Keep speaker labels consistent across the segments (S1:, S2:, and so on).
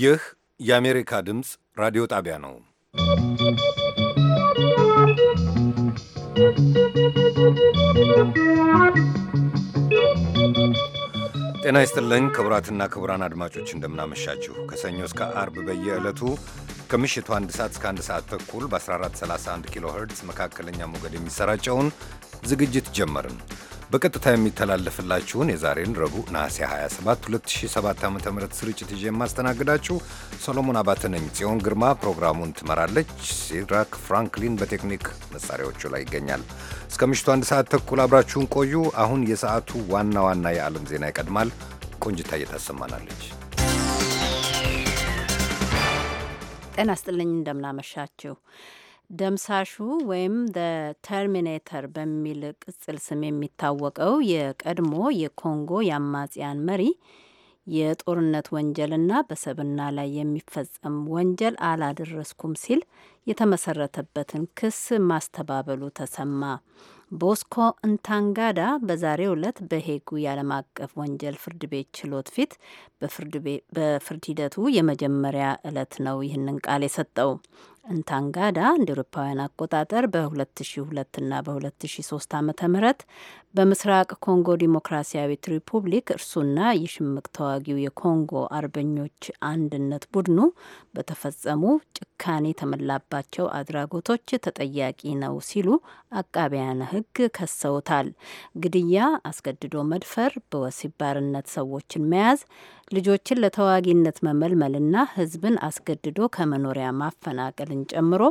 S1: ይህ የአሜሪካ ድምፅ ራዲዮ ጣቢያ ነው። ጤና ይስጥልኝ ክቡራትና ክቡራን አድማጮች እንደምናመሻችሁ። ከሰኞ እስከ አርብ በየዕለቱ ከምሽቱ አንድ ሰዓት እስከ አንድ ሰዓት ተኩል በ1431 ኪሎ ሄርትዝ መካከለኛ ሞገድ የሚሰራጨውን ዝግጅት ጀመርን። በቀጥታ የሚተላለፍላችሁን የዛሬን ረቡዕ ነሐሴ 27 2007 ዓ ም ስርጭት ይዤ የማስተናግዳችሁ ሰሎሞን አባተ ነኝ። ጽዮን ግርማ ፕሮግራሙን ትመራለች። ሲድራክ ፍራንክሊን በቴክኒክ መሳሪያዎቹ ላይ ይገኛል። እስከ ምሽቱ አንድ ሰዓት ተኩል አብራችሁን ቆዩ። አሁን የሰዓቱ ዋና ዋና የዓለም ዜና ይቀድማል። ቆንጅታ እየታሰማናለች።
S2: ጤና ስጥልኝ፣ እንደምናመሻችሁ። ደምሳሹ ወይም ተርሚኔተር በሚል ቅጽል ስም የሚታወቀው የቀድሞ የኮንጎ የአማጽያን መሪ የጦርነት ወንጀልና በሰብና ላይ የሚፈጸም ወንጀል አላደረስኩም ሲል የተመሰረተበትን ክስ ማስተባበሉ ተሰማ። ቦስኮ እንታንጋዳ በዛሬው ዕለት በሄጉ የዓለም አቀፍ ወንጀል ፍርድ ቤት ችሎት ፊት በፍርድ ሂደቱ የመጀመሪያ ዕለት ነው ይህንን ቃል የሰጠው። እንታንጋዳ እንደ ኤሮፓውያን አቆጣጠር በ2002ና በ2003 ዓ ም በምስራቅ ኮንጎ ዲሞክራሲያዊት ሪፑብሊክ እርሱና የሽምቅ ተዋጊው የኮንጎ አርበኞች አንድነት ቡድኑ በተፈጸሙ ጭካኔ የተሞላባቸው አድራጎቶች ተጠያቂ ነው ሲሉ አቃቢያነ ሕግ ከሰውታል። ግድያ፣ አስገድዶ መድፈር፣ በወሲብ ባርነት ሰዎችን መያዝ ልጆችን ለተዋጊነት መመልመልና ህዝብን አስገድዶ ከመኖሪያ ማፈናቀልን ጨምሮ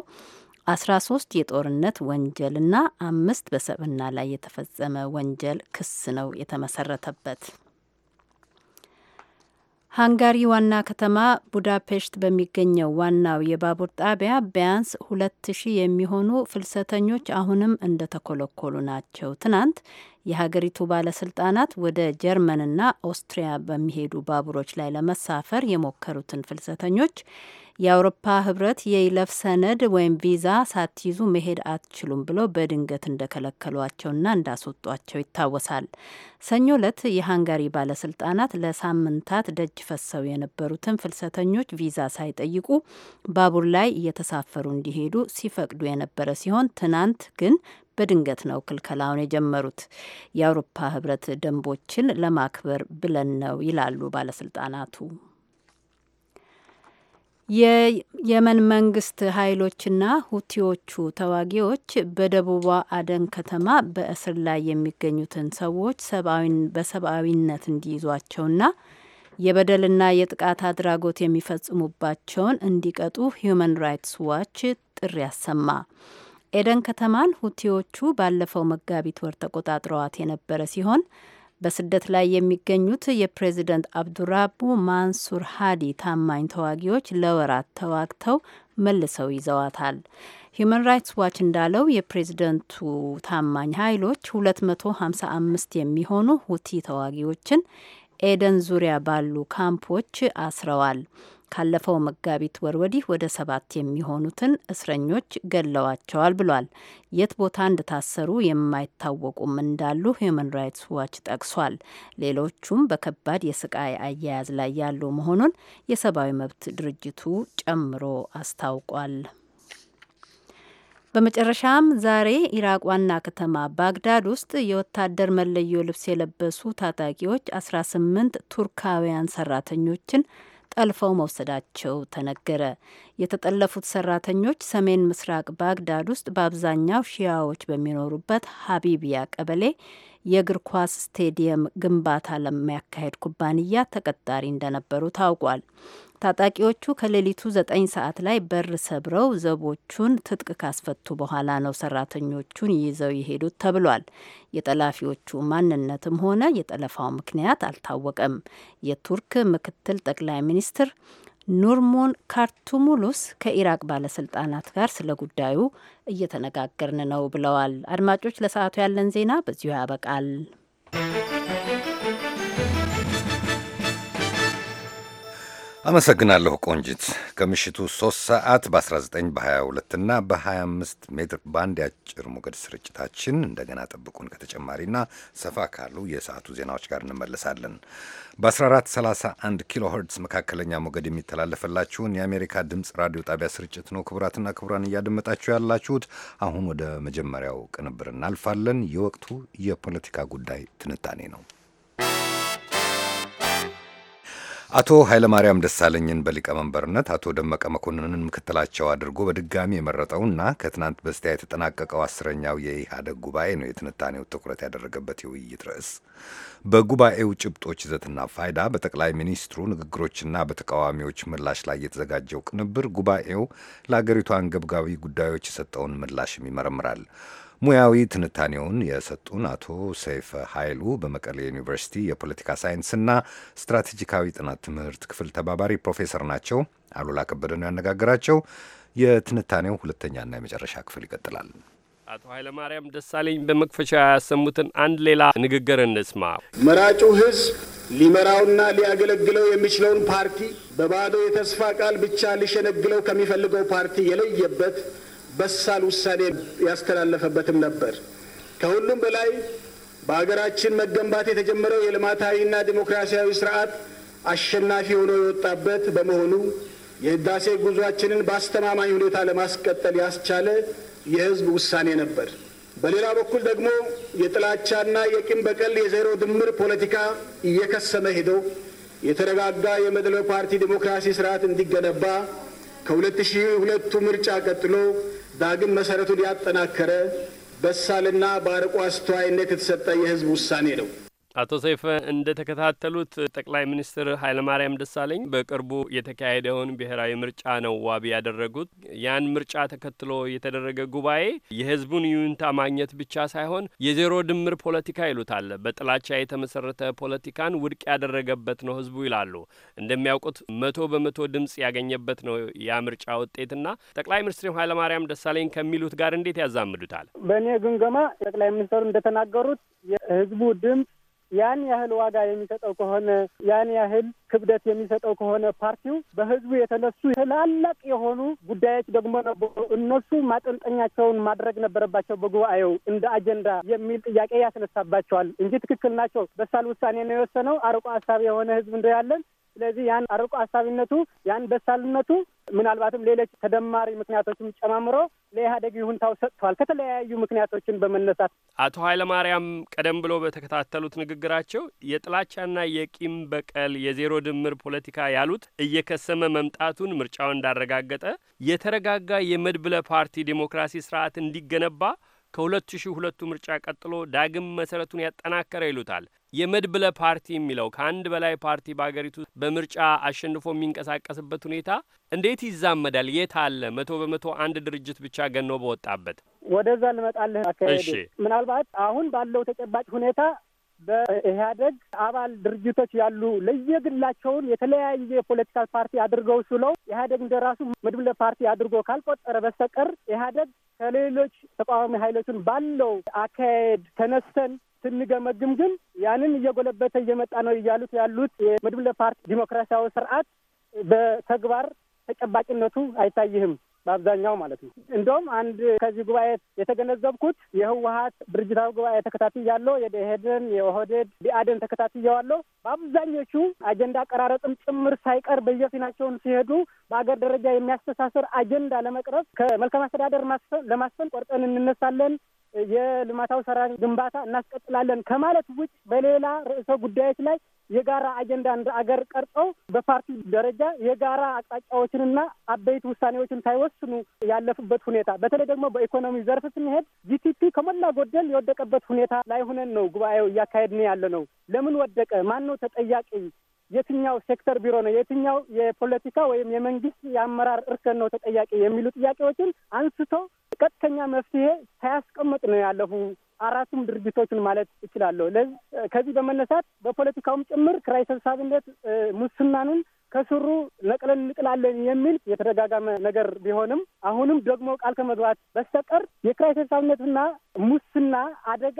S2: 13 የጦርነት ወንጀልና አምስት በሰብና ላይ የተፈጸመ ወንጀል ክስ ነው የተመሰረተበት። ሃንጋሪ ዋና ከተማ ቡዳፔሽት በሚገኘው ዋናው የባቡር ጣቢያ ቢያንስ ሁለት ሺህ የሚሆኑ ፍልሰተኞች አሁንም እንደተኮለኮሉ ናቸው። ትናንት የሀገሪቱ ባለስልጣናት ወደ ጀርመንና ኦስትሪያ በሚሄዱ ባቡሮች ላይ ለመሳፈር የሞከሩትን ፍልሰተኞች የአውሮፓ ህብረት የይለፍ ሰነድ ወይም ቪዛ ሳትይዙ መሄድ አትችሉም ብለው በድንገት እንደከለከሏቸውና እንዳስወጧቸው ይታወሳል። ሰኞ ዕለት የሃንጋሪ ባለስልጣናት ለሳምንታት ደጅ ፈሰው የነበሩትን ፍልሰተኞች ቪዛ ሳይጠይቁ ባቡር ላይ እየተሳፈሩ እንዲሄዱ ሲፈቅዱ የነበረ ሲሆን ትናንት ግን በድንገት ነው ክልከላውን የጀመሩት። የአውሮፓ ህብረት ደንቦችን ለማክበር ብለን ነው ይላሉ ባለስልጣናቱ። የየመን መንግስት ኃይሎችና ሁቲዎቹ ተዋጊዎች በደቡቧ አደን ከተማ በእስር ላይ የሚገኙትን ሰዎች በሰብአዊነት እንዲይዟቸውና የበደልና የጥቃት አድራጎት የሚፈጽሙባቸውን እንዲቀጡ ሂዩማን ራይትስ ዋች ጥሪ ያሰማ። ኤደን ከተማን ሁቲዎቹ ባለፈው መጋቢት ወር ተቆጣጥረዋት የነበረ ሲሆን በስደት ላይ የሚገኙት የፕሬዚደንት አብዱራቡ ማንሱር ሃዲ ታማኝ ተዋጊዎች ለወራት ተዋግተው መልሰው ይዘዋታል። ሂዩማን ራይትስ ዋች እንዳለው የፕሬዝደንቱ ታማኝ ኃይሎች 255 የሚሆኑ ሁቲ ተዋጊዎችን ኤደን ዙሪያ ባሉ ካምፖች አስረዋል። ካለፈው መጋቢት ወር ወዲህ ወደ ሰባት የሚሆኑትን እስረኞች ገለዋቸዋል ብሏል። የት ቦታ እንደታሰሩ የማይታወቁም እንዳሉ ሂዩማን ራይትስ ዋች ጠቅሷል። ሌሎቹም በከባድ የስቃይ አያያዝ ላይ ያሉ መሆኑን የሰብአዊ መብት ድርጅቱ ጨምሮ አስታውቋል። በመጨረሻም ዛሬ ኢራቅ ዋና ከተማ ባግዳድ ውስጥ የወታደር መለዮ ልብስ የለበሱ ታጣቂዎች 18 ቱርካውያን ሰራተኞችን ጠልፈው መውሰዳቸው ተነገረ። የተጠለፉት ሰራተኞች ሰሜን ምስራቅ ባግዳድ ውስጥ በአብዛኛው ሺያዎች በሚኖሩበት ሀቢቢያ ቀበሌ የእግር ኳስ ስቴዲየም ግንባታ ለሚያካሄድ ኩባንያ ተቀጣሪ እንደነበሩ ታውቋል። ታጣቂዎቹ ከሌሊቱ ዘጠኝ ሰዓት ላይ በር ሰብረው ዘቦቹን ትጥቅ ካስፈቱ በኋላ ነው ሰራተኞቹን ይዘው የሄዱት ተብሏል። የጠላፊዎቹ ማንነትም ሆነ የጠለፋው ምክንያት አልታወቀም። የቱርክ ምክትል ጠቅላይ ሚኒስትር ኑርሞን ካርቱሙሉስ ከኢራቅ ባለስልጣናት ጋር ስለ ጉዳዩ እየተነጋገርን ነው ብለዋል። አድማጮች፣ ለሰዓቱ ያለን ዜና በዚሁ ያበቃል።
S1: አመሰግናለሁ ቆንጂት። ከምሽቱ 3 ሰዓት በ19 በ22 እና በ25 ሜትር ባንድ የአጭር ሞገድ ስርጭታችን እንደገና ጠብቁን። ከተጨማሪና ሰፋ ካሉ የሰዓቱ ዜናዎች ጋር እንመለሳለን። በ1431 ኪሎ ሄርትስ መካከለኛ ሞገድ የሚተላለፈላችሁን የአሜሪካ ድምፅ ራዲዮ ጣቢያ ስርጭት ነው። ክቡራትና ክቡራን እያደመጣችሁ ያላችሁት። አሁን ወደ መጀመሪያው ቅንብር እናልፋለን። የወቅቱ የፖለቲካ ጉዳይ ትንታኔ ነው። አቶ ኃይለማርያም ደሳለኝን በሊቀመንበርነት አቶ ደመቀ መኮንንን ምክትላቸው አድርጎ በድጋሚ የመረጠውና ከትናንት በስቲያ የተጠናቀቀው አስረኛው የኢህአደግ ጉባኤ ነው የትንታኔው ትኩረት ያደረገበት የውይይት ርዕስ። በጉባኤው ጭብጦች ይዘትና ፋይዳ፣ በጠቅላይ ሚኒስትሩ ንግግሮችና በተቃዋሚዎች ምላሽ ላይ የተዘጋጀው ቅንብር ጉባኤው ለአገሪቱ አንገብጋቢ ጉዳዮች የሰጠውን ምላሽም ይመረምራል። ሙያዊ ትንታኔውን የሰጡን አቶ ሰይፈ ኃይሉ በመቀሌ ዩኒቨርሲቲ የፖለቲካ ሳይንስና ስትራቴጂካዊ ጥናት ትምህርት ክፍል ተባባሪ ፕሮፌሰር ናቸው። አሉላ ከበደ ነው ያነጋግራቸው። የትንታኔው ሁለተኛና የመጨረሻ ክፍል
S3: ይቀጥላል። አቶ ኃይለማርያም ደሳለኝ በመክፈቻ ያሰሙትን አንድ ሌላ ንግግር እንስማ።
S4: መራጩ ህዝብ ሊመራውና ሊያገለግለው የሚችለውን ፓርቲ በባዶ የተስፋ ቃል ብቻ ሊሸነግለው ከሚፈልገው ፓርቲ የለየበት በሳል ውሳኔ ያስተላለፈበትም ነበር። ከሁሉም በላይ በሀገራችን መገንባት የተጀመረው የልማታዊና ዲሞክራሲያዊ ስርዓት አሸናፊ ሆኖ የወጣበት በመሆኑ የህዳሴ ጉዟችንን በአስተማማኝ ሁኔታ ለማስቀጠል ያስቻለ የህዝብ ውሳኔ ነበር። በሌላ በኩል ደግሞ የጥላቻና የቂም በቀል የዜሮ ድምር ፖለቲካ እየከሰመ ሄዶ የተረጋጋ የመድበለ ፓርቲ ዲሞክራሲ ስርዓት እንዲገነባ ከሁለት ሺህ ሁለቱ ምርጫ ቀጥሎ ዳግም መሰረቱን ያጠናከረ በሳልና በአርቆ አስተዋይነት የተሰጠ የህዝብ ውሳኔ ነው።
S3: አቶ ሰይፈ እንደተከታተሉት ጠቅላይ ሚኒስትር ኃይለማርያም ደሳለኝ በቅርቡ የተካሄደውን ብሔራዊ ምርጫ ነው ዋቢ ያደረጉት። ያን ምርጫ ተከትሎ የተደረገ ጉባኤ የህዝቡን ይሁንታ ማግኘት ብቻ ሳይሆን የዜሮ ድምር ፖለቲካ ይሉታል፣ በጥላቻ የተመሰረተ ፖለቲካን ውድቅ ያደረገበት ነው ህዝቡ ይላሉ። እንደሚያውቁት መቶ በመቶ ድምጽ ያገኘበት ነው ያ ምርጫ ውጤትና ጠቅላይ ሚኒስትር ኃይለማርያም ደሳለኝ ከሚሉት ጋር እንዴት ያዛምዱታል?
S4: በእኔ ግምገማ ጠቅላይ ሚኒስትሩ እንደተናገሩት የህዝቡ ድምጽ ያን ያህል ዋጋ የሚሰጠው ከሆነ ያን ያህል ክብደት የሚሰጠው ከሆነ ፓርቲው በህዝቡ የተነሱ ትላላቅ የሆኑ ጉዳዮች ደግሞ ነበሩ። እነሱ ማጠንጠኛቸውን ማድረግ ነበረባቸው በጉባኤው እንደ አጀንዳ የሚል ጥያቄ ያስነሳባቸዋል እንጂ ትክክል ናቸው። በሳል ውሳኔ ነው የወሰነው። አርቆ ሀሳብ የሆነ ህዝብ ያለን ስለዚህ ያን አርቆ አሳቢነቱ ያን በሳልነቱ ምናልባትም ሌሎች ተደማሪ ምክንያቶችም ጨማምሮ ለኢህአዴግ ይሁንታው ሰጥተዋል። ከተለያዩ ምክንያቶችን በመነሳት
S3: አቶ ኃይለማርያም ቀደም ብሎ በተከታተሉት ንግግራቸው የጥላቻና የቂም በቀል የዜሮ ድምር ፖለቲካ ያሉት እየከሰመ መምጣቱን ምርጫው እንዳረጋገጠ የተረጋጋ የመድብለ ፓርቲ ዴሞክራሲ ስርዓት እንዲገነባ ከሁለት ሺህ ሁለቱ ምርጫ ቀጥሎ ዳግም መሰረቱን ያጠናከረ ይሉታል። የመድብለ ፓርቲ የሚለው ከአንድ በላይ ፓርቲ በሀገሪቱ በምርጫ አሸንፎ የሚንቀሳቀስበት ሁኔታ እንዴት ይዛመዳል? የት አለ? መቶ በመቶ አንድ ድርጅት ብቻ ገኖ በወጣበት
S4: ወደዛ ልመጣልህ። አካሄድ ምናልባት አሁን ባለው ተጨባጭ ሁኔታ በኢህአደግ አባል ድርጅቶች ያሉ ለየግላቸውን የተለያየ የፖለቲካ ፓርቲ አድርገው ስለው ኢህአደግ እንደ ራሱ መድብለ ፓርቲ አድርጎ ካልቆጠረ በስተቀር ኢህአደግ ከሌሎች ተቃዋሚ ኃይሎችን ባለው አካሄድ ተነስተን ስንገመግም ግን ያንን እየጎለበተ እየመጣ ነው እያሉት ያሉት የመድብለ ፓርቲ ዲሞክራሲያዊ ስርዓት በተግባር ተጨባጭነቱ አይታይህም በአብዛኛው ማለት ነው። እንደውም አንድ ከዚህ ጉባኤ የተገነዘብኩት የህወሀት ድርጅታዊ ጉባኤ ተከታትያለሁ። የደኢህዴን፣ የኦህዴድ፣ ብአዴን ተከታትያዋለሁ። በአብዛኞቹ አጀንዳ አቀራረጥም ጭምር ሳይቀር በየፊናቸውን ሲሄዱ በአገር ደረጃ የሚያስተሳስር አጀንዳ ለመቅረብ ከመልካም አስተዳደር ለማስፈን ቆርጠን እንነሳለን የልማታዊ ሰራዊት ግንባታ እናስቀጥላለን ከማለት ውጭ በሌላ ርዕሰ ጉዳዮች ላይ የጋራ አጀንዳ እንደ አገር ቀርጸው በፓርቲ ደረጃ የጋራ አቅጣጫዎችንና አበይት ውሳኔዎችን ሳይወስኑ ያለፉበት ሁኔታ፣ በተለይ ደግሞ በኢኮኖሚ ዘርፍ ስንሄድ ጂቲፒ ከሞላ ጎደል የወደቀበት ሁኔታ ላይ ሆነን ነው ጉባኤው እያካሄድን ያለ ነው። ለምን ወደቀ? ማን ነው ተጠያቂ? የትኛው ሴክተር ቢሮ ነው? የትኛው የፖለቲካ ወይም የመንግስት የአመራር እርከን ነው ተጠያቂ? የሚሉ ጥያቄዎችን አንስቶ ቀጥተኛ መፍትሄ ሳያስቀምጥ ነው ያለፉ አራቱም ድርጅቶችን ማለት እችላለሁ። ከዚህ በመነሳት በፖለቲካውም ጭምር ኪራይ ሰብሳቢነት ሙስናንን ከስሩ ነቅለን እንጥላለን የሚል የተደጋጋመ ነገር ቢሆንም አሁንም ደግሞ ቃል ከመግባት በስተቀር የኪራይ ሰብሳቢነትና ሙስና አደጋ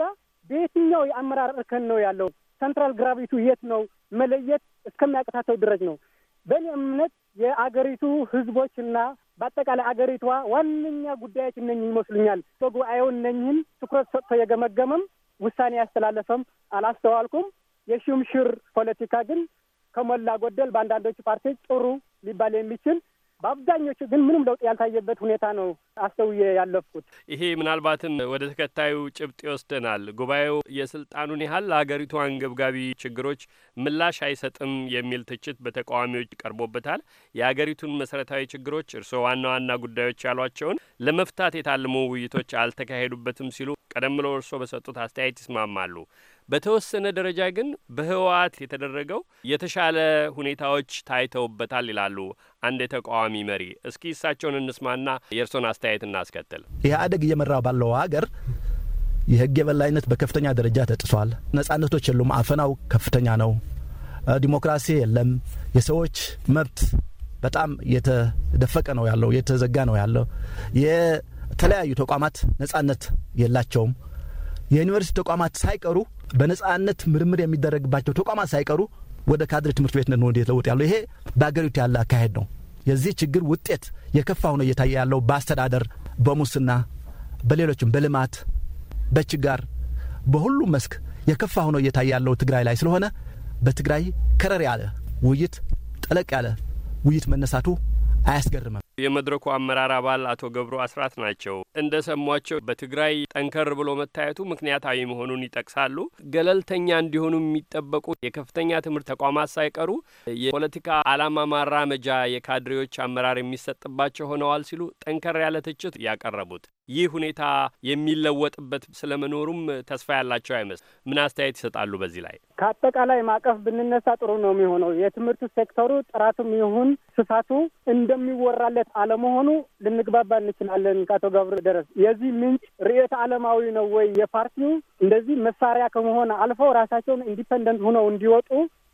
S4: በየትኛው የአመራር እርከን ነው ያለው? ሰንትራል ግራቪቱ የት ነው? መለየት እስከሚያቀታተው ድረስ ነው። በእኔ እምነት የአገሪቱ ህዝቦችና በአጠቃላይ አገሪቷ ዋነኛ ጉዳዮች እነኝህ ይመስሉኛል። በጉባኤው እነኝህን ትኩረት ሰጥቶ የገመገመም ውሳኔ ያስተላለፈም አላስተዋልኩም። የሹምሽር ፖለቲካ ግን ከሞላ ጎደል በአንዳንዶቹ ፓርቲዎች ጥሩ ሊባል የሚችል በአብዛኞቹ ግን ምንም ለውጥ ያልታየበት ሁኔታ ነው አስተውዬ ያለፍኩት።
S3: ይሄ ምናልባትም ወደ ተከታዩ ጭብጥ ይወስደናል። ጉባኤው የስልጣኑን ያህል ለሀገሪቱ አንገብጋቢ ችግሮች ምላሽ አይሰጥም የሚል ትችት በተቃዋሚዎች ቀርቦበታል። የሀገሪቱን መሰረታዊ ችግሮች እርስዎ ዋና ዋና ጉዳዮች ያሏቸውን ለመፍታት የታለሙ ውይይቶች አልተካሄዱበትም ሲሉ ቀደም ብለው እርስዎ በሰጡት አስተያየት ይስማማሉ። በተወሰነ ደረጃ ግን በህወሓት የተደረገው የተሻለ ሁኔታዎች ታይተውበታል ይላሉ አንድ የተቃዋሚ መሪ። እስኪ እሳቸውን እንስማና የእርሶን አስተያየት እናስከትል። ኢህአዴግ እየመራ ባለው ሀገር የህግ የበላይነት በከፍተኛ ደረጃ ተጥሷል። ነጻነቶች የሉም። አፈናው ከፍተኛ ነው። ዲሞክራሲ የለም። የሰዎች መብት በጣም የተደፈቀ ነው ያለው፣ የተዘጋ ነው ያለው። የተለያዩ ተቋማት ነጻነት የላቸውም። የዩኒቨርሲቲ ተቋማት ሳይቀሩ በነጻነት ምርምር የሚደረግባቸው ተቋማት ሳይቀሩ ወደ ካድሬ ትምህርት ቤት ነው ለውጥ ያለው። ይሄ በአገሪቱ ያለ አካሄድ ነው። የዚህ ችግር ውጤት የከፋ ሆኖ እየታየ ያለው በአስተዳደር፣ በሙስና፣ በሌሎችም በልማት፣ በችጋር፣ በሁሉም መስክ የከፋ ሆኖ እየታየ ያለው ትግራይ ላይ ስለሆነ በትግራይ ከረር ያለ ውይይት ጠለቅ ያለ ውይይት መነሳቱ አያስገርምም። የመድረኩ አመራር አባል አቶ ገብሩ አስራት ናቸው። እንደ ሰሟቸው በትግራይ ጠንከር ብሎ መታየቱ ምክንያታዊ መሆኑን ይጠቅሳሉ። ገለልተኛ እንዲሆኑ የሚጠበቁ የከፍተኛ ትምህርት ተቋማት ሳይቀሩ የፖለቲካ ዓላማ ማራመጃ የካድሬዎች አመራር የሚሰጥባቸው ሆነዋል ሲሉ ጠንከር ያለ ትችት ያቀረቡት ይህ ሁኔታ የሚለወጥበት ስለመኖሩም ተስፋ ያላቸው አይመስል። ምን አስተያየት ይሰጣሉ? በዚህ ላይ
S4: ከአጠቃላይ ማዕቀፍ ብንነሳ ጥሩ ነው የሚሆነው። የትምህርቱ ሴክተሩ ጥራቱም ይሁን ስፋቱ እንደሚወራለት አለመሆኑ ልንግባባ እንችላለን። ከአቶ ገብረ ደረስ የዚህ ምንጭ ርዕዮተ ዓለማዊ ነው ወይ የፓርቲው እንደዚህ መሳሪያ ከመሆን አልፈው ራሳቸውን ኢንዲፐንደንት ሆነው እንዲወጡ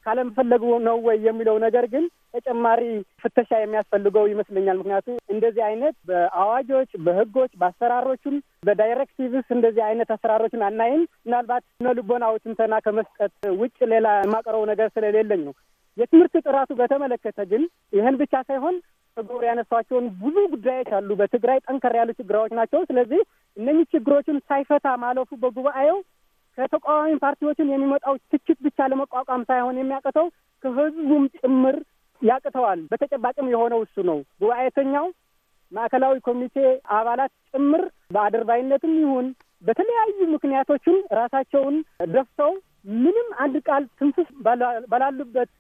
S4: ካለመፈለጉ ነው ወይ የሚለው ነገር ግን ተጨማሪ ፍተሻ የሚያስፈልገው ይመስለኛል። ምክንያቱ እንደዚህ አይነት በአዋጆች፣ በህጎች በአሰራሮችም በዳይሬክቲቭስ እንደዚህ አይነት አሰራሮችን አናይም። ምናልባት ስነ ልቦናዊ ትንተና ከመስጠት ውጭ ሌላ የማቀረው ነገር ስለሌለኝ ነው። የትምህርት ጥራቱ በተመለከተ ግን ይህን ብቻ ሳይሆን ተጎር ያነሷቸውን ብዙ ጉዳዮች አሉ። በትግራይ ጠንከር ያሉ ችግሮች ናቸው። ስለዚህ እነኚህ ችግሮችን ሳይፈታ ማለፉ በጉባኤው ከተቃዋሚ ፓርቲዎችን የሚመጣው ትችት ብቻ ለመቋቋም ሳይሆን የሚያቅተው ከህዝቡም ጭምር ያቅተዋል። በተጨባጭም የሆነው እሱ ነው። ጉባኤተኛው ማዕከላዊ ኮሚቴ አባላት ጭምር በአደርባይነትም ይሁን በተለያዩ ምክንያቶችን ራሳቸውን ደፍተው ምንም አንድ ቃል ትንፍሽ ባላሉበት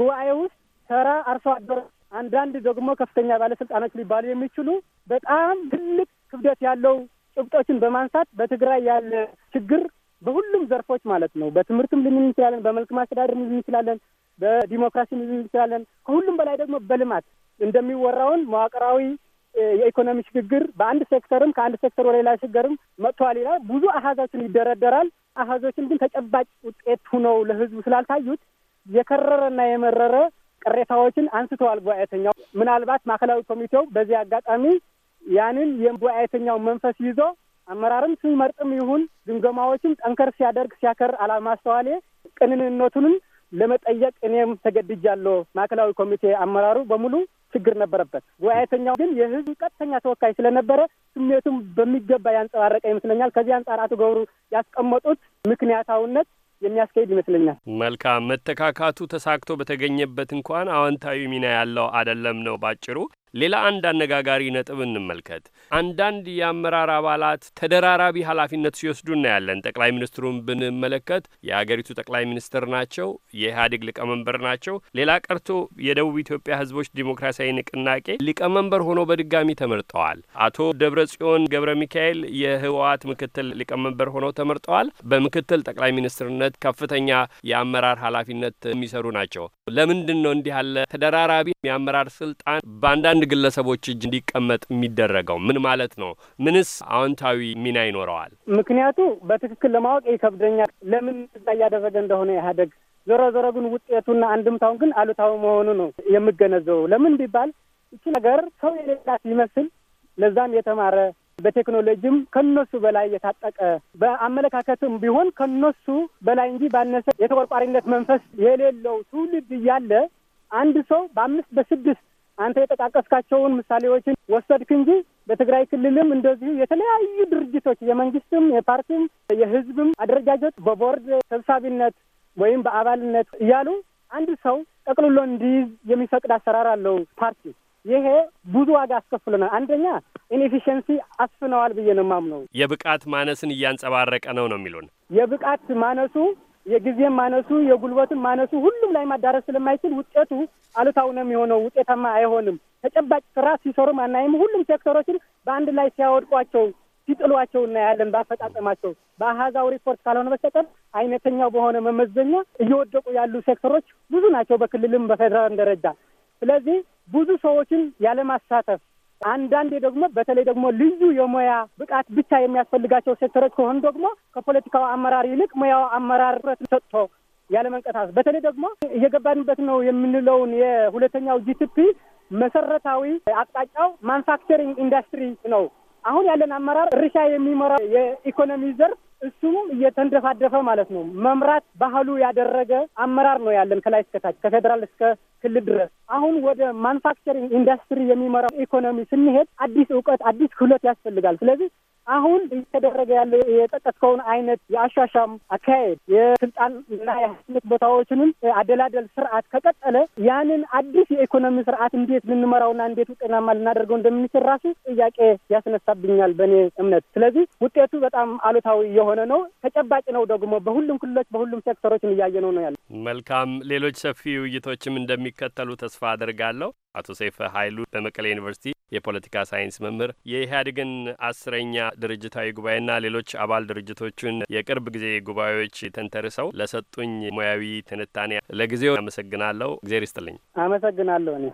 S4: ጉባኤ ውስጥ ተራ አርሶ አደረ። አንዳንድ ደግሞ ከፍተኛ ባለስልጣኖች ሊባሉ የሚችሉ በጣም ትልቅ ክብደት ያለው ጭብጦችን በማንሳት በትግራይ ያለ ችግር በሁሉም ዘርፎች ማለት ነው። በትምህርትም ልንል እንችላለን፣ በመልካም አስተዳደርም ልንል እንችላለን፣ በዲሞክራሲም ልንል እንችላለን። ከሁሉም በላይ ደግሞ በልማት እንደሚወራውን መዋቅራዊ የኢኮኖሚ ሽግግር በአንድ ሴክተርም ከአንድ ሴክተር ወደ ሌላ ሽግግርም መጥቷል ይላል። ብዙ አሀዞችን ይደረደራል። አሀዞችን ግን ተጨባጭ ውጤት ሁነው ለህዝቡ ስላልታዩት የከረረና የመረረ ቅሬታዎችን አንስተዋል። ጉባኤተኛው ምናልባት ማዕከላዊ ኮሚቴው በዚህ አጋጣሚ ያንን የጉባኤተኛው መንፈስ ይዞ አመራርም ሲመርጥም ይሁን ግምገማዎችም ጠንከር ሲያደርግ ሲያከር አላማስተዋሌ ቅንንነቱንም ለመጠየቅ እኔም ተገድጃለሁ። ማዕከላዊ ኮሚቴ አመራሩ በሙሉ ችግር ነበረበት። ጉባኤተኛው ግን የህዝብ ቀጥተኛ ተወካይ ስለነበረ ስሜቱም በሚገባ ያንጸባረቀ ይመስለኛል። ከዚህ አንጻር አቶ ገብሩ ያስቀመጡት ምክንያታዊነት የሚያስካሄድ ይመስለኛል።
S3: መልካም መተካካቱ ተሳክቶ በተገኘበት እንኳን አዎንታዊ ሚና ያለው አይደለም ነው ባጭሩ። ሌላ አንድ አነጋጋሪ ነጥብ እንመልከት። አንዳንድ የአመራር አባላት ተደራራቢ ኃላፊነት ሲወስዱ እናያለን። ጠቅላይ ሚኒስትሩን ብንመለከት የአገሪቱ ጠቅላይ ሚኒስትር ናቸው፣ የኢህአዴግ ሊቀመንበር ናቸው። ሌላ ቀርቶ የደቡብ ኢትዮጵያ ሕዝቦች ዲሞክራሲያዊ ንቅናቄ ሊቀመንበር ሆኖ በድጋሚ ተመርጠዋል። አቶ ደብረ ጽዮን ገብረ ሚካኤል የህወሓት ምክትል ሊቀመንበር ሆነው ተመርጠዋል። በምክትል ጠቅላይ ሚኒስትርነት ከፍተኛ የአመራር ኃላፊነት የሚሰሩ ናቸው። ለምንድን ነው እንዲህ ያለ ተደራራቢ የአመራር ስልጣን በአንዳንድ በአንዳንድ ግለሰቦች እጅ እንዲቀመጥ የሚደረገው ምን ማለት ነው? ምንስ አዎንታዊ ሚና ይኖረዋል?
S4: ምክንያቱ በትክክል ለማወቅ ይከብደኛል፣ ለምን እዛ እያደረገ እንደሆነ ኢህአዴግ። ዞሮ ዞሮ ግን ውጤቱና አንድምታውን ግን አሉታዊ መሆኑ ነው የምገነዘበው። ለምን ቢባል እቺ ነገር ሰው የሌላት ይመስል ለዛም የተማረ በቴክኖሎጂም ከነሱ በላይ የታጠቀ በአመለካከትም ቢሆን ከነሱ በላይ እንጂ ባነሰ የተቆርቋሪነት መንፈስ የሌለው ትውልድ እያለ አንድ ሰው በአምስት በስድስት አንተ የጠቃቀስካቸውን ምሳሌዎችን ወሰድክ እንጂ በትግራይ ክልልም እንደዚሁ የተለያዩ ድርጅቶች የመንግስትም፣ የፓርቲም፣ የህዝብም አደረጃጀት በቦርድ ሰብሳቢነት ወይም በአባልነት እያሉ አንድ ሰው ጠቅልሎ እንዲይዝ የሚፈቅድ አሰራር አለው ፓርቲ። ይሄ ብዙ ዋጋ አስከፍሎናል። አንደኛ ኢንኤፊሽንሲ አስፍነዋል ብዬ ነው የማምነው።
S3: የብቃት ማነስን እያንጸባረቀ ነው ነው የሚሉን
S4: የብቃት ማነሱ የጊዜም ማነሱ የጉልበትም ማነሱ ሁሉም ላይ ማዳረስ ስለማይችል ውጤቱ አሉታው ነው የሚሆነው። ውጤታማ አይሆንም። ተጨባጭ ስራ ሲሰሩም አናይም። ሁሉም ሴክተሮችን በአንድ ላይ ሲያወድቋቸው ሲጥሏቸው እናያለን። በአፈጣጠማቸው በአሃዛው ሪፖርት ካልሆነ በስተቀር አይነተኛው በሆነ መመዘኛ እየወደቁ ያሉ ሴክተሮች ብዙ ናቸው፣ በክልልም በፌዴራልም ደረጃ። ስለዚህ ብዙ ሰዎችን ያለማሳተፍ አንዳንዴ ደግሞ በተለይ ደግሞ ልዩ የሙያ ብቃት ብቻ የሚያስፈልጋቸው ሴክተሮች ከሆኑ ደግሞ ከፖለቲካው አመራር ይልቅ ሙያው አመራር ትኩረት ሰጥቶ መንቀሳት በተለይ ደግሞ እየገባንበት ነው የምንለውን የሁለተኛው ጂቲፒ መሰረታዊ አቅጣጫው ማንፋክቸሪንግ ኢንዱስትሪ ነው። አሁን ያለን አመራር እርሻ የሚመራው የኢኮኖሚ ዘርፍ እሱም እየተንደፋደፈ ማለት ነው መምራት ባህሉ ያደረገ አመራር ነው ያለን ከላይ እስከታች ከፌዴራል እስከ ክልል ድረስ። አሁን ወደ ማኑፋክቸሪንግ ኢንዱስትሪ የሚመራው ኢኮኖሚ ስንሄድ አዲስ እውቀት፣ አዲስ ክህሎት ያስፈልጋል። ስለዚህ አሁን እየተደረገ ያለው የጠቀስከውን አይነት የአሻሻም አካሄድ እና የኃላፊነት ቦታዎችንም አደላደል ስርዓት ከቀጠለ ያንን አዲስ የኢኮኖሚ ስርዓት እንዴት ልንመራውና እንዴት ውጤናማ ልናደርገው እንደምንችል ራሱ ጥያቄ ያስነሳብኛል በእኔ እምነት። ስለዚህ ውጤቱ በጣም አሉታዊ የሆነ ነው። ተጨባጭ ነው ደግሞ በሁሉም ክልሎች በሁሉም ሴክተሮችን እያየ ነው ነው
S3: ያለ። መልካም ሌሎች ሰፊ ውይይቶችም እንደሚከተሉ ተስፋ አድርጋለሁ። አቶ ሰይፈ ኃይሉ በመቀሌ ዩኒቨርሲቲ የፖለቲካ ሳይንስ መምህር የኢህአዴግን አስረኛ ድርጅታዊ ጉባኤና ሌሎች አባል ድርጅቶቹን የቅርብ ጊዜ ጉባኤዎች ተንተርሰው ለሰጡኝ ሙያዊ ትንታኔ ለጊዜው አመሰግናለሁ። እግዜር ይስጥልኝ።
S4: አመሰግናለሁ እኔ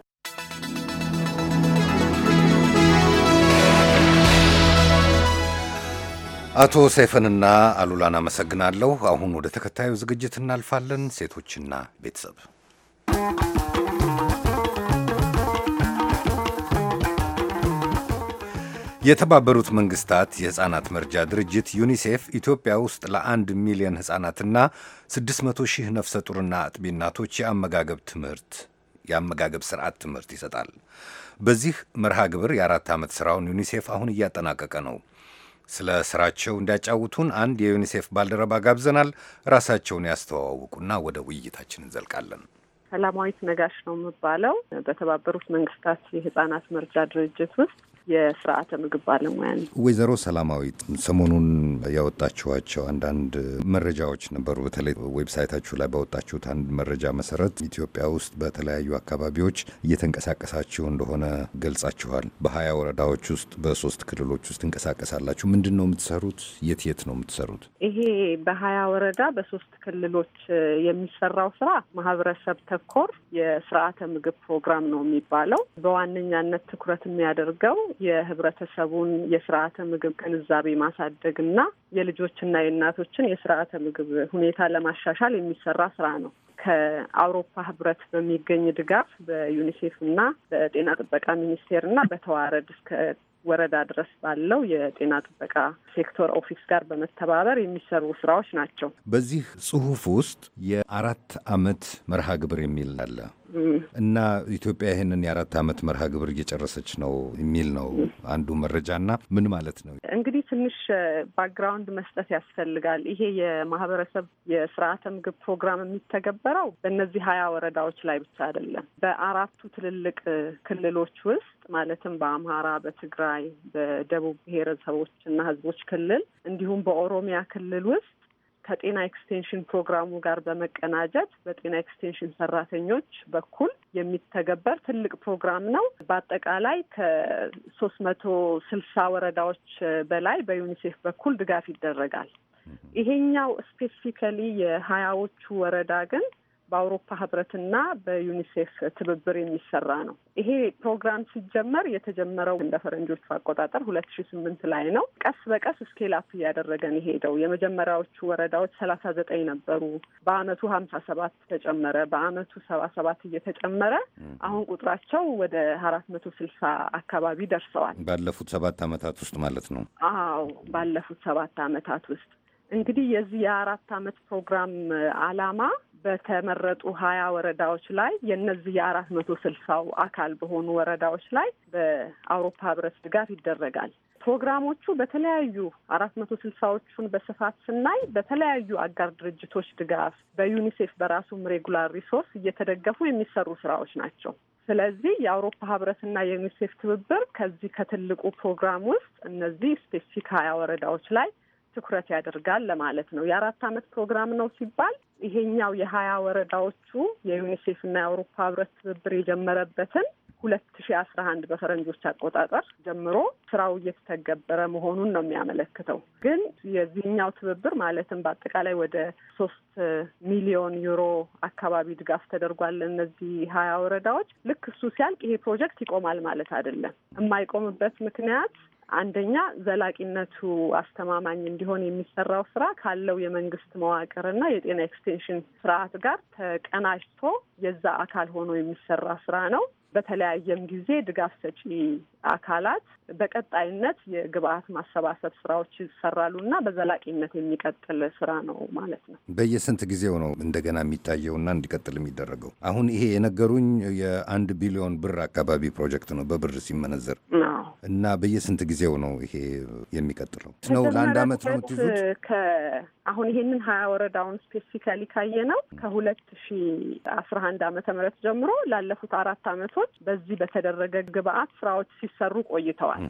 S1: አቶ ሰይፈንና አሉላን አመሰግናለሁ። አሁን ወደ ተከታዩ ዝግጅት እናልፋለን። ሴቶችና ቤተሰብ የተባበሩት መንግስታት የሕፃናት መርጃ ድርጅት ዩኒሴፍ ኢትዮጵያ ውስጥ ለአንድ ሚሊዮን ሕፃናትና 600 ሺህ ነፍሰ ጡርና አጥቢ እናቶች የአመጋገብ ትምህርት የአመጋገብ ስርዓት ትምህርት ይሰጣል። በዚህ መርሃ ግብር የአራት ዓመት ሥራውን ዩኒሴፍ አሁን እያጠናቀቀ ነው። ስለ ሥራቸው እንዲያጫውቱን አንድ የዩኒሴፍ ባልደረባ ጋብዘናል። ራሳቸውን ያስተዋውቁና ወደ ውይይታችን እንዘልቃለን።
S5: ሰላማዊት ነጋሽ ነው የምባለው። በተባበሩት መንግስታት የህጻናት መርጃ ድርጅት ውስጥ የስርዓተ ምግብ ባለሙያ ነው።
S1: ወይዘሮ ሰላማዊት ሰሞኑን ያወጣችኋቸው አንዳንድ መረጃዎች ነበሩ። በተለይ ዌብሳይታችሁ ላይ ባወጣችሁት አንድ መረጃ መሰረት ኢትዮጵያ ውስጥ በተለያዩ አካባቢዎች እየተንቀሳቀሳችሁ እንደሆነ ገልጻችኋል። በሀያ ወረዳዎች ውስጥ በሶስት ክልሎች ውስጥ እንቀሳቀሳላችሁ። ምንድን ነው የምትሰሩት? የት የት ነው የምትሰሩት?
S5: ይሄ በሀያ ወረዳ በሶስት ክልሎች የሚሰራው ስራ ማህበረሰብ ተኮር የስርዓተ ምግብ ፕሮግራም ነው የሚባለው። በዋነኛነት ትኩረት የሚያደርገው የህብረተሰቡን የስርዓተ ምግብ ግንዛቤ እና የልጆችና የእናቶችን የስርዓተ ምግብ ሁኔታ ለማሻሻል የሚሰራ ስራ ነው። ከአውሮፓ ህብረት በሚገኝ ድጋፍ በዩኒሴፍ እና በጤና ጥበቃ ሚኒስቴር እና በተዋረድ እስከ ወረዳ ድረስ ባለው የጤና ጥበቃ ሴክተር ኦፊስ ጋር በመተባበር የሚሰሩ ስራዎች ናቸው።
S1: በዚህ ጽሁፍ ውስጥ የአራት አመት መርሃ ግብር የሚል አለ። እና ኢትዮጵያ ይህንን የአራት ዓመት መርሃ ግብር እየጨረሰች ነው የሚል ነው አንዱ መረጃና ምን ማለት ነው?
S5: እንግዲህ ትንሽ ባክግራውንድ መስጠት ያስፈልጋል። ይሄ የማህበረሰብ የስርዓተ ምግብ ፕሮግራም የሚተገበረው በእነዚህ ሀያ ወረዳዎች ላይ ብቻ አይደለም። በአራቱ ትልልቅ ክልሎች ውስጥ ማለትም በአምሃራ፣ በትግራይ፣ በደቡብ ብሔረሰቦች እና ህዝቦች ክልል እንዲሁም በኦሮሚያ ክልል ውስጥ ከጤና ኤክስቴንሽን ፕሮግራሙ ጋር በመቀናጀት በጤና ኤክስቴንሽን ሰራተኞች በኩል የሚተገበር ትልቅ ፕሮግራም ነው። በአጠቃላይ ከሶስት መቶ ስልሳ ወረዳዎች በላይ በዩኒሴፍ በኩል ድጋፍ ይደረጋል። ይሄኛው ስፔሲፊካሊ የሀያዎቹ ወረዳ ግን በአውሮፓ ህብረትና በዩኒሴፍ ትብብር የሚሰራ ነው። ይሄ ፕሮግራም ሲጀመር የተጀመረው እንደ ፈረንጆቹ አቆጣጠር ሁለት ሺ ስምንት ላይ ነው። ቀስ በቀስ ስኬል አፕ እያደረገን የሄደው የመጀመሪያዎቹ ወረዳዎች ሰላሳ ዘጠኝ ነበሩ። በአመቱ ሀምሳ ሰባት ተጨመረ። በአመቱ ሰባ ሰባት እየተጨመረ አሁን ቁጥራቸው ወደ አራት መቶ ስልሳ አካባቢ ደርሰዋል።
S1: ባለፉት ሰባት አመታት ውስጥ ማለት ነው።
S5: አዎ ባለፉት ሰባት አመታት ውስጥ እንግዲህ የዚህ የአራት አመት ፕሮግራም አላማ በተመረጡ ሀያ ወረዳዎች ላይ የእነዚህ የአራት መቶ ስልሳው አካል በሆኑ ወረዳዎች ላይ በአውሮፓ ህብረት ድጋፍ ይደረጋል። ፕሮግራሞቹ በተለያዩ አራት መቶ ስልሳዎቹን በስፋት ስናይ በተለያዩ አጋር ድርጅቶች ድጋፍ በዩኒሴፍ በራሱም ሬጉላር ሪሶርስ እየተደገፉ የሚሰሩ ስራዎች ናቸው። ስለዚህ የአውሮፓ ህብረትና የዩኒሴፍ ትብብር ከዚህ ከትልቁ ፕሮግራም ውስጥ እነዚህ ስፔሲፊክ ሀያ ወረዳዎች ላይ ትኩረት ያደርጋል ለማለት ነው። የአራት አመት ፕሮግራም ነው ሲባል ይሄኛው የሀያ ወረዳዎቹ የዩኒሴፍ እና የአውሮፓ ህብረት ትብብር የጀመረበትን ሁለት ሺ አስራ አንድ በፈረንጆች አቆጣጠር ጀምሮ ስራው እየተተገበረ መሆኑን ነው የሚያመለክተው። ግን የዚህኛው ትብብር ማለትም በአጠቃላይ ወደ ሶስት ሚሊዮን ዩሮ አካባቢ ድጋፍ ተደርጓል። እነዚህ ሀያ ወረዳዎች ልክ እሱ ሲያልቅ ይሄ ፕሮጀክት ይቆማል ማለት አይደለም። የማይቆምበት ምክንያት አንደኛ ዘላቂነቱ አስተማማኝ እንዲሆን የሚሰራው ስራ ካለው የመንግስት መዋቅርና የጤና ኤክስቴንሽን ስርዓት ጋር ተቀናጅቶ የዛ አካል ሆኖ የሚሰራ ስራ ነው። በተለያየም ጊዜ ድጋፍ ሰጪ አካላት በቀጣይነት የግብአት ማሰባሰብ ስራዎች ይሰራሉ እና በዘላቂነት የሚቀጥል ስራ ነው ማለት ነው።
S1: በየስንት ጊዜው ነው እንደገና የሚታየውና እንዲቀጥል የሚደረገው? አሁን ይሄ የነገሩኝ የአንድ ቢሊዮን ብር አካባቢ ፕሮጀክት ነው በብር ሲመነዘር። እና በየስንት ጊዜው ነው ይሄ የሚቀጥለው? ነው ለአንድ አመት ነው የምትይዙት?
S5: አሁን ይሄንን ሀያ ወረዳውን ስፔሲካሊ ካየ ነው ከሁለት ሺ አስራ አንድ ዓመተ ምህረት ጀምሮ ላለፉት አራት አመቶች በዚህ በተደረገ ግብአት ስራዎች ሲሰሩ ቆይተዋል።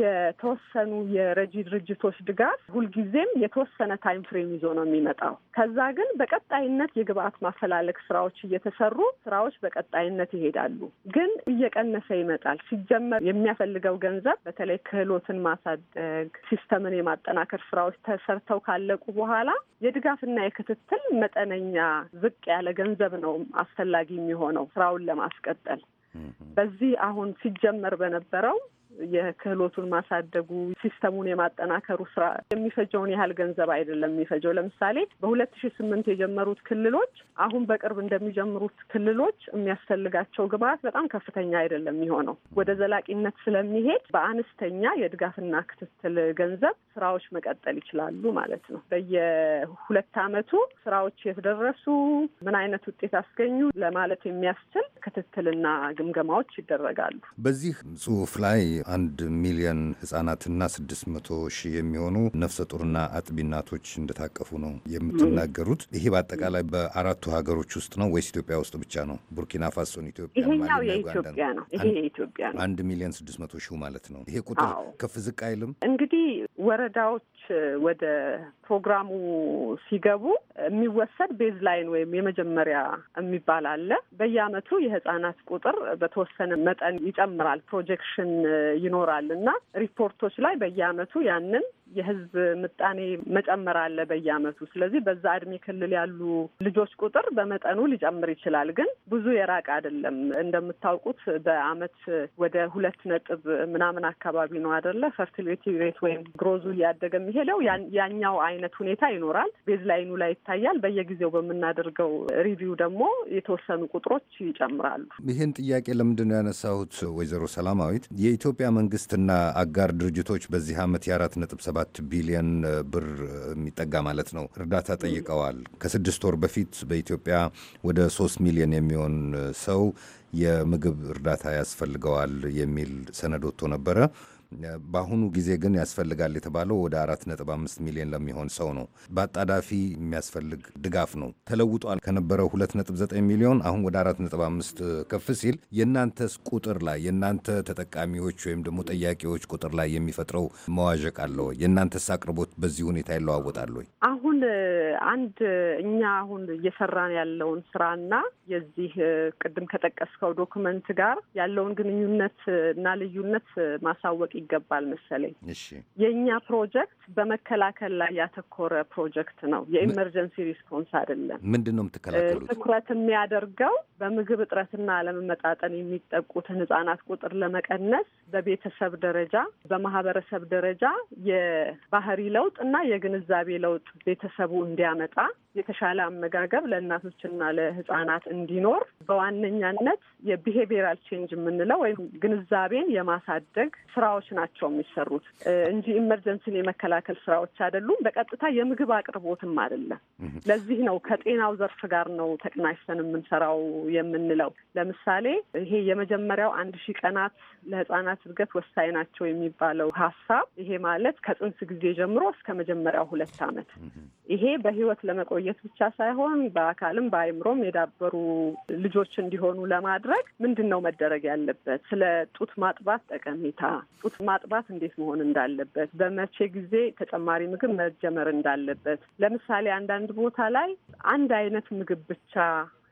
S5: የተወሰኑ የረጂ ድርጅቶች ድጋፍ ሁልጊዜም የተወሰነ ታይም ፍሬም ይዞ ነው የሚመጣው። ከዛ ግን በቀጣይነት የግብአት ማፈላለግ ስራዎች እየተሰሩ ስራዎች በቀጣይነት ይሄዳሉ። ግን እየቀነሰ ይመጣል። ሲጀመር የሚያፈልገው ገ ገንዘብ በተለይ ክህሎትን ማሳደግ፣ ሲስተምን የማጠናከር ስራዎች ተሰርተው ካለቁ በኋላ የድጋፍና የክትትል መጠነኛ ዝቅ ያለ ገንዘብ ነው አስፈላጊ የሚሆነው ስራውን ለማስቀጠል። በዚህ አሁን ሲጀመር በነበረው የክህሎቱን ማሳደጉ ሲስተሙን የማጠናከሩ ስራ የሚፈጀውን ያህል ገንዘብ አይደለም የሚፈጀው። ለምሳሌ በሁለት ሺ ስምንት የጀመሩት ክልሎች አሁን በቅርብ እንደሚጀምሩት ክልሎች የሚያስፈልጋቸው ግብዓት በጣም ከፍተኛ አይደለም የሚሆነው ወደ ዘላቂነት ስለሚሄድ በአነስተኛ የድጋፍና ክትትል ገንዘብ ስራዎች መቀጠል ይችላሉ ማለት ነው። በየሁለት አመቱ ስራዎች የተደረሱ ምን አይነት ውጤት አስገኙ ለማለት የሚያስችል ክትትልና ግምገማዎች ይደረጋሉ።
S1: በዚህ ጽሁፍ ላይ አንድ ሚሊዮን ህጻናትና ስድስት መቶ ሺህ የሚሆኑ ነፍሰ ጡርና አጥቢ እናቶች እንደታቀፉ ነው የምትናገሩት። ይሄ በአጠቃላይ በአራቱ ሀገሮች ውስጥ ነው ወይስ ኢትዮጵያ ውስጥ ብቻ ነው? ቡርኪና ፋሶን፣ ኢትዮጵያ ይሄኛው የኢትዮጵያ ነው። ይሄ የኢትዮጵያ ነው። አንድ ሚሊዮን ስድስት መቶ ሺህ ማለት ነው። ይሄ ቁጥር ከፍ ዝቅ አይልም።
S5: እንግዲህ ወረዳዎች ወደ ፕሮግራሙ ሲገቡ የሚወሰድ ቤዝ ላይን ወይም የመጀመሪያ የሚባል አለ። በየአመቱ የህጻናት ቁጥር በተወሰነ መጠን ይጨምራል፣ ፕሮጀክሽን ይኖራል እና ሪፖርቶች ላይ በየአመቱ ያንን የህዝብ ምጣኔ መጨመር አለ በየአመቱ። ስለዚህ በዛ እድሜ ክልል ያሉ ልጆች ቁጥር በመጠኑ ሊጨምር ይችላል፣ ግን ብዙ የራቀ አይደለም። እንደምታውቁት በአመት ወደ ሁለት ነጥብ ምናምን አካባቢ ነው አደለ? ፈርቲሊቲ ሬት ወይም ግሮዙ እያደገ የሚሄደው ያኛው አይነት ሁኔታ ይኖራል። ቤዝ ላይኑ ላይ ይታያል። በየጊዜው በምናደርገው ሪቪው ደግሞ የተወሰኑ ቁጥሮች ይጨምራሉ።
S1: ይህን ጥያቄ ለምንድን ነው ያነሳሁት? ወይዘሮ ሰላማዊት የኢትዮጵያ መንግስትና አጋር ድርጅቶች በዚህ አመት የአራት ነጥብ ሰባት ሰባት ቢሊዮን ብር የሚጠጋ ማለት ነው እርዳታ ጠይቀዋል። ከስድስት ወር በፊት በኢትዮጵያ ወደ ሶስት ሚሊዮን የሚሆን ሰው የምግብ እርዳታ ያስፈልገዋል የሚል ሰነድ ወጥቶ ነበረ። በአሁኑ ጊዜ ግን ያስፈልጋል የተባለው ወደ አራት አምስት ሚሊዮን ለሚሆን ሰው ነው። በአጣዳፊ የሚያስፈልግ ድጋፍ ነው። ተለውጧል ከነበረው ዘጠኝ ሚሊዮን አሁን ወደ አምስት ከፍ ሲል የእናንተስ ቁጥር ላይ የእናንተ ተጠቃሚዎች ወይም ደግሞ ጠያቂዎች ቁጥር ላይ የሚፈጥረው መዋዠቅ አለ ወይ? የእናንተስ አቅርቦት በዚህ ሁኔታ ይለዋወጣል ወይ?
S5: አሁን አንድ እኛ አሁን እየሰራን ያለውን ስራና የዚህ ቅድም ከጠቀስከው ዶክመንት ጋር ያለውን ግንኙነት እና ልዩነት ማሳወቅ ይገባል መሰለኝ። የእኛ ፕሮጀክት በመከላከል ላይ ያተኮረ ፕሮጀክት ነው። የኢመርጀንሲ ሪስፖንስ አይደለም።
S1: ምንድን ነው የምትከላከሉት?
S5: ትኩረት የሚያደርገው በምግብ እጥረትና አለመመጣጠን የሚጠቁትን ህጻናት ቁጥር ለመቀነስ በቤተሰብ ደረጃ በማህበረሰብ ደረጃ የባህሪ ለውጥ እና የግንዛቤ ለውጥ ቤተሰቡ እንዲያመጣ የተሻለ አመጋገብ ለእናቶችና ለህጻናት እንዲኖር በዋነኛነት የቢሄቪራል ቼንጅ የምንለው ወይም ግንዛቤን የማሳደግ ስራዎች ስራዎች ናቸው የሚሰሩት እንጂ ኢመርጀንሲን የመከላከል ስራዎች አይደሉም። በቀጥታ የምግብ አቅርቦትም አይደለም። ለዚህ ነው ከጤናው ዘርፍ ጋር ነው ተቀናጅተን የምንሰራው የምንለው። ለምሳሌ ይሄ የመጀመሪያው አንድ ሺህ ቀናት ለህጻናት እድገት ወሳኝ ናቸው የሚባለው ሀሳብ ይሄ ማለት ከጽንስ ጊዜ ጀምሮ እስከ መጀመሪያው ሁለት ዓመት ይሄ በህይወት ለመቆየት ብቻ ሳይሆን በአካልም በአይምሮም የዳበሩ ልጆች እንዲሆኑ ለማድረግ ምንድን ነው መደረግ ያለበት? ስለ ጡት ማጥባት ጠቀሜታ፣ ጡት ማጥባት እንዴት መሆን እንዳለበት፣ በመቼ ጊዜ ተጨማሪ ምግብ መጀመር እንዳለበት። ለምሳሌ አንዳንድ ቦታ ላይ አንድ አይነት ምግብ ብቻ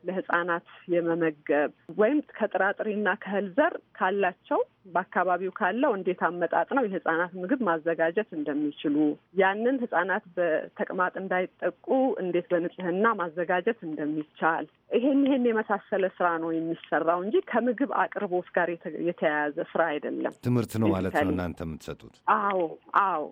S5: ለህጻናት የመመገብ ወይም ከጥራጥሬና ከእህል ዘር ካላቸው በአካባቢው ካለው እንዴት አመጣጥ ነው የህጻናት ምግብ ማዘጋጀት እንደሚችሉ ያንን ህጻናት በተቅማጥ እንዳይጠቁ እንዴት በንጽህና ማዘጋጀት እንደሚቻል ይሄን ይሄን የመሳሰለ ስራ ነው የሚሰራው እንጂ ከምግብ አቅርቦት ጋር የተያያዘ ስራ አይደለም። ትምህርት ነው ማለት ነው
S1: እናንተ የምትሰጡት?
S5: አዎ አዎ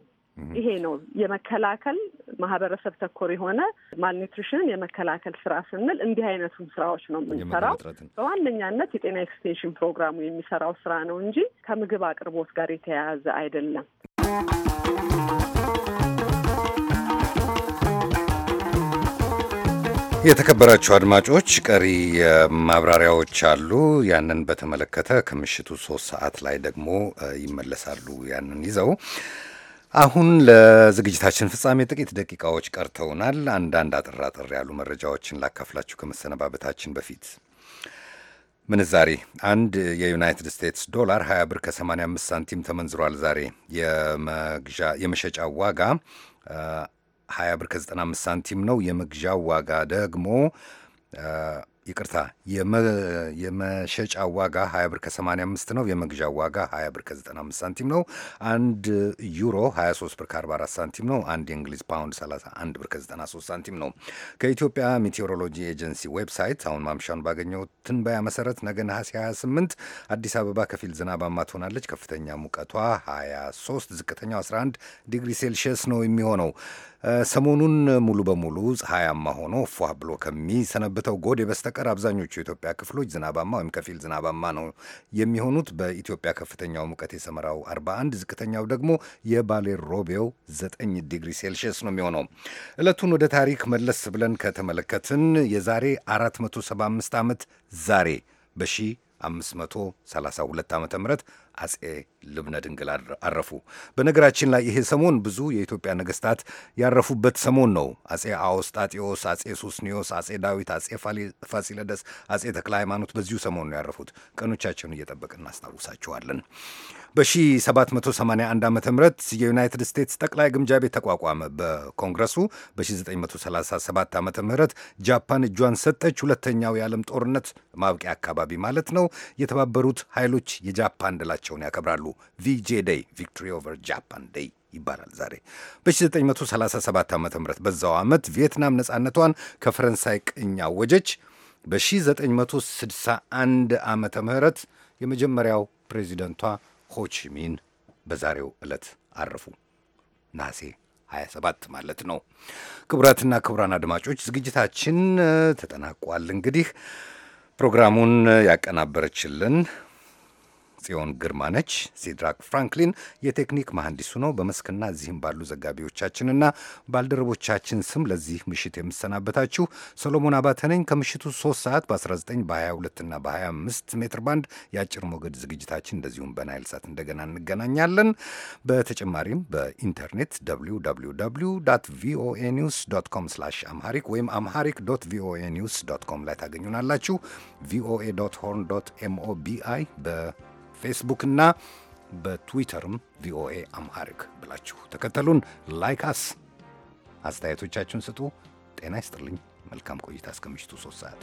S5: ይሄ ነው የመከላከል ማህበረሰብ ተኮር የሆነ ማልኒትሪሽንን የመከላከል ስራ ስንል እንዲህ አይነቱም ስራዎች ነው የምንሰራው። በዋነኛነት የጤና ኤክስቴንሽን ፕሮግራሙ የሚሰራው ስራ ነው እንጂ ከምግብ አቅርቦት ጋር የተያያዘ አይደለም።
S1: የተከበራችሁ አድማጮች ቀሪ ማብራሪያዎች አሉ። ያንን በተመለከተ ከምሽቱ ሶስት ሰዓት ላይ ደግሞ ይመለሳሉ ያንን ይዘው አሁን ለዝግጅታችን ፍጻሜ ጥቂት ደቂቃዎች ቀርተውናል። አንዳንድ አጠር አጠር ያሉ መረጃዎችን ላካፍላችሁ ከመሰነባበታችን በፊት ምንዛሬ አንድ የዩናይትድ ስቴትስ ዶላር 20 ብር ከ85 ሳንቲም ተመንዝሯል። ዛሬ የመሸጫ ዋጋ 20 ብር ከ95 ሳንቲም ነው። የመግዣ ዋጋ ደግሞ ይቅርታ የመሸጫ ዋጋ 20 ብር ከ85 ነው። የመግዣ ዋጋ 20 ብር ከ95 ሳንቲም ነው። አንድ ዩሮ 23 ብር ከ44 ሳንቲም ነው። አንድ የእንግሊዝ ፓውንድ 31 ብር ከ93 ሳንቲም ነው። ከኢትዮጵያ ሜቴዎሮሎጂ ኤጀንሲ ዌብሳይት አሁን ማምሻውን ባገኘው ትንበያ መሰረት ነገ ነሐሴ 28 አዲስ አበባ ከፊል ዝናባማ ትሆናለች። ከፍተኛ ሙቀቷ 23፣ ዝቅተኛው 11 ዲግሪ ሴልሽስ ነው የሚሆነው። ሰሞኑን ሙሉ በሙሉ ፀሐያማ ሆኖ ፏ ብሎ ከሚሰነብተው ጎዴ በስተቀር አብዛኞቹ የኢትዮጵያ ክፍሎች ዝናባማ ወይም ከፊል ዝናባማ ነው የሚሆኑት። በኢትዮጵያ ከፍተኛው ሙቀት የሰመራው 41፣ ዝቅተኛው ደግሞ የባሌ ሮቤው 9 ዲግሪ ሴልሺየስ ነው የሚሆነው። ዕለቱን ወደ ታሪክ መለስ ብለን ከተመለከትን የዛሬ 475 ዓመት ዛሬ በሺህ 532 ዓ ም አጼ ልብነ ድንግል አረፉ። በነገራችን ላይ ይሄ ሰሞን ብዙ የኢትዮጵያ ነገስታት ያረፉበት ሰሞን ነው። አጼ አውስጣጢዮስ፣ አጼ ሱስኒዮስ፣ አጼ ዳዊት፣ አጼ ፋሲለደስ፣ አጼ ተክለ ሃይማኖት በዚሁ ሰሞን ነው ያረፉት። ቀኖቻቸውን እየጠበቅን እናስታውሳችኋለን። በ1781 ዓ ም የዩናይትድ ስቴትስ ጠቅላይ ግምጃ ቤት ተቋቋመ። በኮንግረሱ በ937 ዓ ም ጃፓን እጇን ሰጠች። ሁለተኛው የዓለም ጦርነት ማብቂያ አካባቢ ማለት ነው። የተባበሩት ኃይሎች የጃፓን ድላቸውን ያከብራሉ። ቪጄ ደይ ቪክቶሪ ኦቨር ጃፓን ደይ ይባላል ዛሬ። በ937 ዓ ም በዛው ዓመት ቪየትናም ነፃነቷን ከፈረንሳይ ቅኝ አወጀች። በ961 ዓመተ ምህረት የመጀመሪያው ፕሬዚደንቷ ሆቺሚን በዛሬው ዕለት አረፉ። ናሴ 27 ማለት ነው። ክቡራትና ክቡራን አድማጮች ዝግጅታችን ተጠናቋል። እንግዲህ ፕሮግራሙን ያቀናበረችልን ጽዮን ግርማ ነች። ሲድራክ ፍራንክሊን የቴክኒክ መሐንዲሱ ነው። በመስክና እዚህም ባሉ ዘጋቢዎቻችንና ባልደረቦቻችን ስም ለዚህ ምሽት የምሰናበታችሁ ሰሎሞን አባተ ነኝ። ከምሽቱ 3 ሰዓት በ19 በ22 እና በ25 ሜትር ባንድ የአጭር ሞገድ ዝግጅታችን እንደዚሁም በናይል ሳት እንደገና እንገናኛለን። በተጨማሪም በኢንተርኔት ቪኦኤ ኒውስ ዶት ኮም ስላሽ አምሃሪክ ወይም አምሃሪክ ዶት ቪኦኤ ኒውስ ዶት ኮም ላይ ታገኙናላችሁ። ቪኦኤ ዶት ሆርን ዶት ኤምኦቢአይ በ በፌስቡክና በትዊተርም ቪኦኤ አምሃሪክ ብላችሁ ተከተሉን። ላይክ አስ፣ አስተያየቶቻችሁን ስጡ። ጤና ይስጥልኝ። መልካም ቆይታ እስከ ምሽቱ ሶስት ሰዓት